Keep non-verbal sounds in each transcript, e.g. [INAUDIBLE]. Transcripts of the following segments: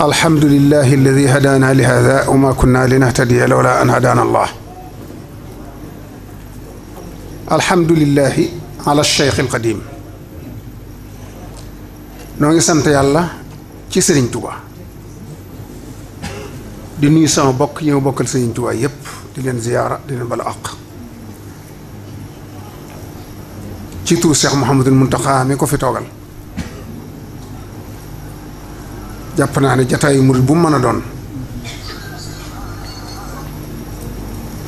الحمد لله الذي هدانا لهذا وما كنا لنهتدي لولا أن هدانا الله الحمد لله على الشيخ القديم نوي سنت الله تي سيرن توبا دي نوي سان بوك نيو بوكل سيرن توبا ييب دي لين زياره دي لين بالاق تي تو شيخ محمد المنتقى مي كو في توغال japp na ne jotaay murid bu meuna don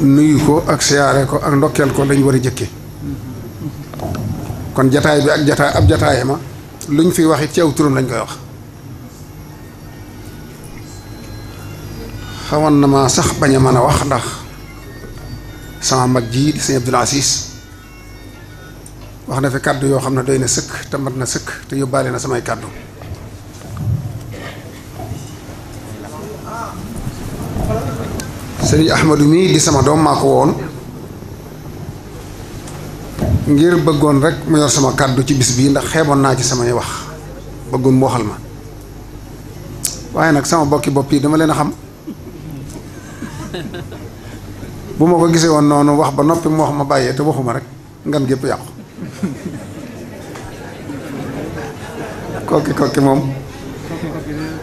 nuyu ko ak siyaare ko ak ndokkeel ko lañ wara jëkke kon jotaay bi ak jotaay ab jotaay ma luñ fi waxi ci aw lañ koy wax na ma sax baña wax ndax sama mag ji di sëñ Abdul Asiis wax na fi kaddu yo xamna doyna doy te mat na te yobale na samay kaddu sëriñ Ahmad mii di sama dom mako on ngir bëggoon rek mu yor sama kàddu ci bis bii ndax xeeboon naa ci samay wax bëggoon mu waxal ma waaye nag sama bokki bopi dama leen xam bu ma ko gisee woon noonu wax ba noppi mu wax ma bàyyee te waxuma rek ngan gépp yàqu koki koki mom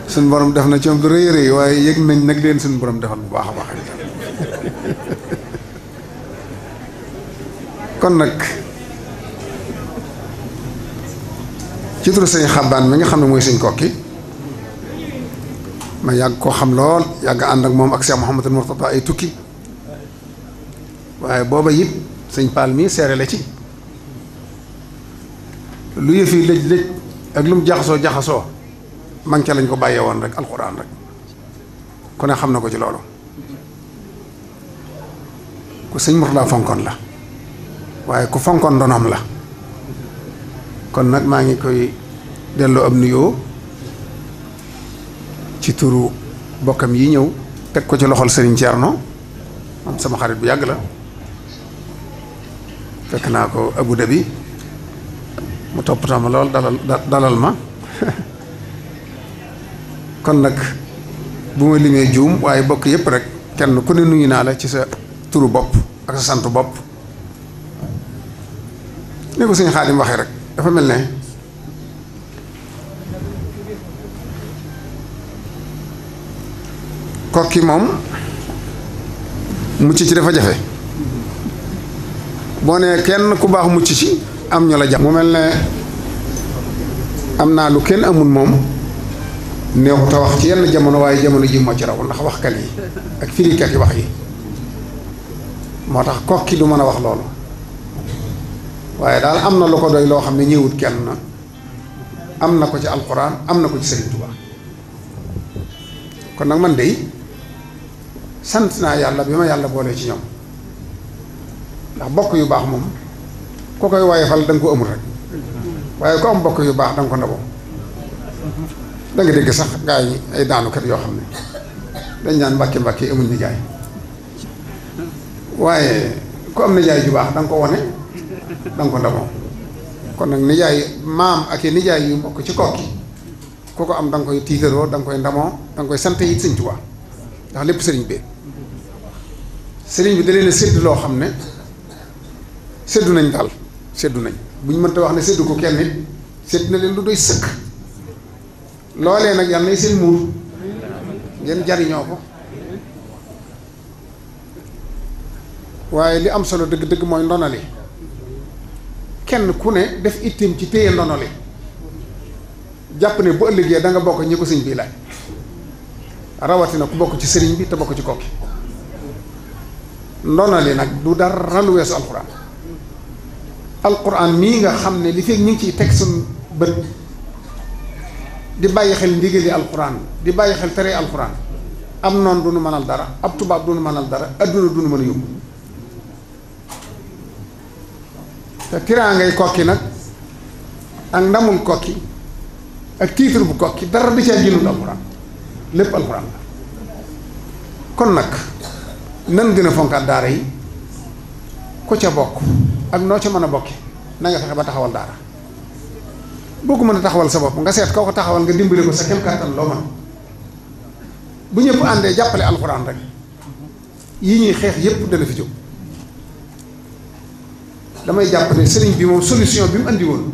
sun borom def na ci am du reey reey waye nañ nak leen sun borom defal bu baax kon nag ci turu sëñ xabbaan mi nga xam ne mooy sëñ kokki ma yàgg koo xam lool yàgg ànd ak moom ak Cheikh Mouhamadul Mourtada ay tukki waaye booba it sëñ Paal mii seere la ci lu yëf yi lëj lëj ak lu mu jaxasoo jaxasoo manqué lañ ko bàyyee woon rek alxuraan rek ku ne xam na ko ci loolu ku sëñ Murtada fonkoon la waaye ku fonkoon ndonoom la kon nag maa ngi koy delloo ab nuyoo ci turu bokkam yi ñëw teg ko ci loxol sëriñ Thierno moom sama xarit bu yàgg la fekk naa ko Abu Dhabi mu toppatoo ma lool dalal dalal ma [LAUGHS] kon nag bu ma limee juum waaye bokk yëpp rek kenn ku ne nuyu naa la ci sa turu bopp ak sa santu bopp ni ko sëñ Xaadim waxee rek dafa mel ne kokki moom mucc ci dafa jafe boo nee kenn ku baax mucc ci am ñu la jàpp mu mel ne am naa lu kenn amul moom neexut a wax ci yenn jamono waaye jamono ji moo ci raw ndax waxkat yi ak firikat yi wax yi moo tax kokki du mën a wax loolu waaye daal am na lu ko doy loo xam ne ñëwut kenn na am na ko ci alxuraan am na ko ci Sëriñ Tuubaa kon nag man de sant naa yàlla bi ma yàlla boole ci ñoom ndax bokk yu baax moom ko koy woyofal da nga ko amul rek waaye ko am bokk yu baax da ko ndaboo da nga dégg sax gaa ay daanukat yoo xam ne dañ naan mbàkki mbàkki amul nijaay waaye ku am nijaay ju baax da ko wane da nga ko ndamoo kon nag nijaay maam ak i nijaay yu mbokk ci kokki ku ko am da nga koy tiitaroo da koy ndamoo da koy sant yi sëñ Tuubaa ndax lépp sëriñ bi sëriñ bi da leen loo xam ne séddu nañ daal séddu nañ bu ñu mënta wax ne séddu ko kenn nit sédd na leen lu doy sëkk loolee nag yàlla nay seen muur ngeen jariñoo ko waaye li am solo dëgg-dëgg mooy ndonali kenn ku ne def itim ci téye ndonali jàpp ne bu ëllëgee danga bokk ñi ko sëñ bii laaj rawatina ku bokk ci sëriñ bi te bokk ci kokki ndonali nag du dara lu weesu alxuraan alxuraan mii nga xam ne li fekk ñu ngi ciy teg suñ bët di bàyyi xel ndigali alxuraan di bàyyi xel tere alxuraan am noon du nu mënal dara ab tubaab du nu mënal dara adduna du nu mën a yóbbu kira tiraangay koki nak ak ndamul koki, ak titre bu koki dara da ci génnul alxuraan lépp alxuraan la kon nak nan dina fonka dara yi ko ca bok ak no ca meuna bokki na nga fexe ba taxawal dara boo ko mën taxawal sa bop nga set ko ko taxawal nga dimbale ko sa kem katan lo man bu ñepp ande jappale alquran rek yi ñi xex yépp dana fi jox damay jàpp ne sëriñ bi moom solution bi mu andi woon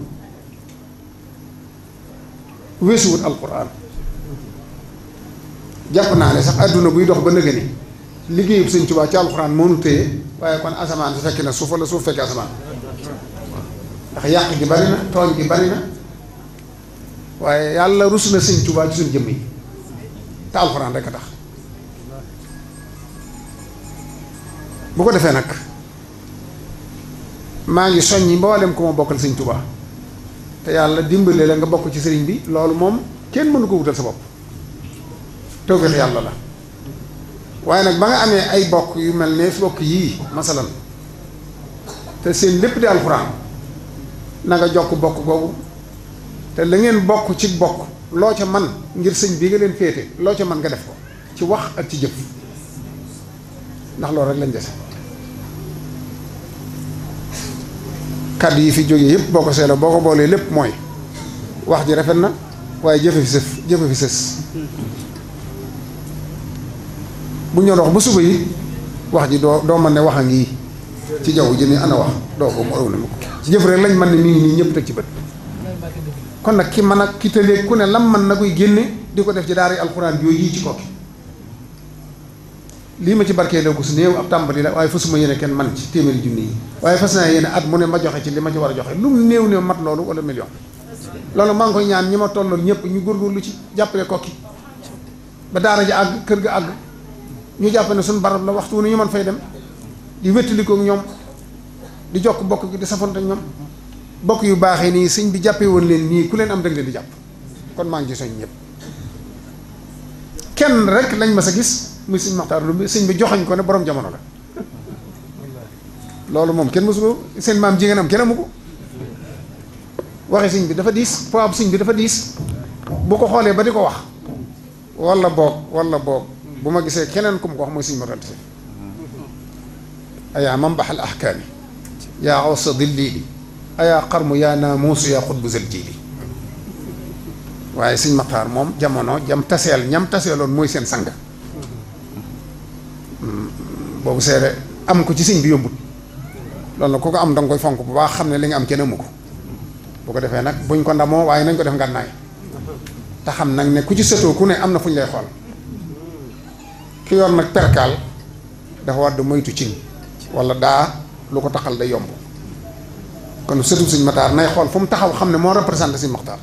weesuwut alquran jàpp naa ne sax àdduna buy dox ba nëgë ni liggéeyub sëñ Tuubaa ci alquran moo nu waaye kon asamaan su fekki na suuf wala suuf fekki asamaan ndax yàq gi bari na tooñ gi bari na waaye yàlla rus na sëñ Tuubaa ci suñ jëmm yi te alquran rek a tax bu ko defee nag maa ngi soññi mboolem ku ma bokkal sëñ Tuubaa te yàlla dimbale la nga bokk ci sëriñ bi loolu moom kenn mënu ko wutal sa bopp tawfeex yàlla la waaye nag ba nga amee ay bokk yu mel ne bokk yii masalan te seen lépp di alxuraan na nga jokk bokk googu te la ngeen bokk ci bokk loo ca man ngir sëñ bi nga leen féete loo ca man nga def ko ci wax ak ci jëf ndax loolu rek lañ dese kàddu yi fi jógee yëpp boo ko seelo boo ko boolee lépp mooy wax ji rafet na waaye jëfe fi sëf jëfe fi sës bu ñu doon ba suba yi wax ji doo doo mën ne wax a ngi ci jaww ji ni ana wax doo ko mu ëw na ko ci jëf rek lañ mën ne mi ngi nii ñëpp teg ci bët kon nag ki mën a ki tëlee ku ne lam mën na koy génne di ko def ci daara alxuraan yooyu yii ci kokki lii ma ci barkeeloo ko su néew ab tàmbali la waaye fasuma yéene kenn man ci téeméeri junni yi waaye fas naa yéene at mu ne ma joxe ci li ma ci war a joxe lu mu néew néew mat loolu wala million loolu maa ngi koy ñaan ñi ma tolloon ñëpp ñu góorgóorlu ci jàppale kokki ba daara ji àgg kër ga àgg ñu jàpp ne suñu barab la waxtu wu ñu man fay dem di wéttalikoog ñoom di jokk bokk gi di safante ñoom bokk yu baaxee nii sëñ bi jàppee woon leen nii ku leen am dëgg leen di jàpp kon maa ngi ci soñ ñëpp kenn rek lañ ma sa gis muy sëñ Maxtaar lu muy sëñ bi joxañ ko ne borom jamono la loolu moom kenn mësu ko seen maam jigéen am kenn amu ko waxi sëñ bi dafa diis poids bu sëñ bi dafa diis bu ko xoolee ba di ko wax walla boog walla boog bu ma gisee keneen ku mu ko wax mooy sëñ Maxtaar si ayaa mambaxal ahkaami yaa awsa dillili ayaa xarmu yaa naamuusu yaa xutbu zel jiili waaye sëñ Maxtaar moom jamono jam taseel ñam taseeloon mooy seen sang boobu seede am ko ci sëñ bi yombut loolu nag ku ko am danga koy fonk bu baax xam ne li nga am kenn amu ko bu ko defee nag buñ ko ndamoo waaye nañ ko def ngànnaay te xam nag ne ku ci sëtoo ku ne am na fu ñu lay xool nag perkaal dafa war di wala daa lu ko taxal day yomb kon sëtu suñ mataar nay xool fu mu taxaw xam ne moo représenté suñ maxtaar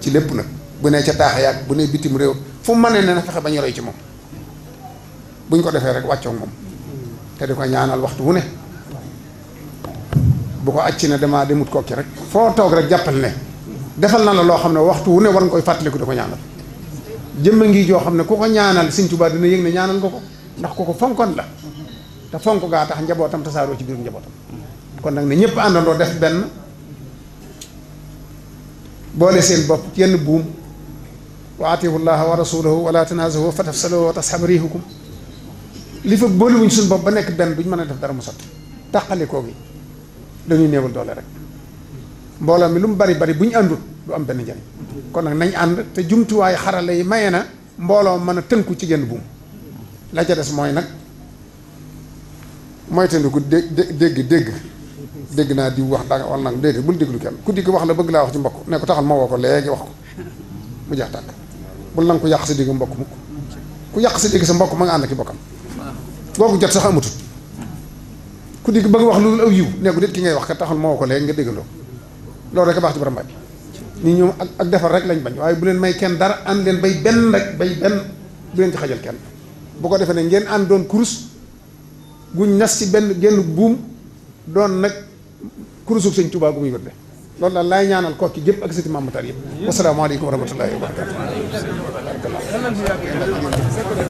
ci lépp nag bu ne ca taax yaag bu ne bitim réew fu mënee ne na ba ñu ci moom buñ ko defee rek wàccoog moom te di ko ñaanal waxtu wu ne bu ko acci ne damaa demut kokki rek foo toog rek jàppal ne defal na la loo xam ne waxtu wu ne war nga koy fàttaliku di ko ñaanal jëmm ngi joo xam ne ku ko ñaanal Sëñ Tuubaa dina yëg ne ñaanal nga ko ndax ku ko fonkoon la te fonk gaa tax njabootam tasaaroo ci biir njabootam kon nag ne ñëpp àndandoo def benn boole seen bopp yenn buum wa atihu llaha wa rasulahu wala tanaazahu fa tafsalu wa tasxab riihukum li fa boolewuñ suñu bopp ba nekk benn duñ mën a def dara mu sotti tàqalikoo gi dañuy néewal doole rek mbooloo mi lu mu bari bari bu ñu àndul lu am benn njariñ kon nag nañ ànd te jumtuwaay xarala yi maye na mbooloo mën a tënku ci genn buum la ca des mooy nag mooy tëndiku dégg dégg dégg dégg naa di wax danga wala nag déedéet bul déglu kenn ku digg wax la bëgg laa wax ci mbokk ne taxal ma woo ko léegi wax ko mu jeex tàkk bul na yàq sa digg mbokk mukk ku yàq sa digg sa mbokk ma ànd ki bokkam kooku jot sax amatut ku dig bëgg wax lu dul aw yiw neeku nit ki ngay wax ka taxal moko ko nga deggalo loolu rek baax ci borom bañ ni ñu ak defal rek lañ bañ waaye bu leen may kenn dara am leen bay ben rek bay ben bu leen ci xajal kenn bu ko defee ne ngeen and doon kurus gu ñass ci ben genn buum doon nak kurusu sëñ touba gu muy wëdde lool la lay ñaanal ko ci gépp ak sëti Maam Matar assalamu alaykum wa rahmatullahi wa barakatuh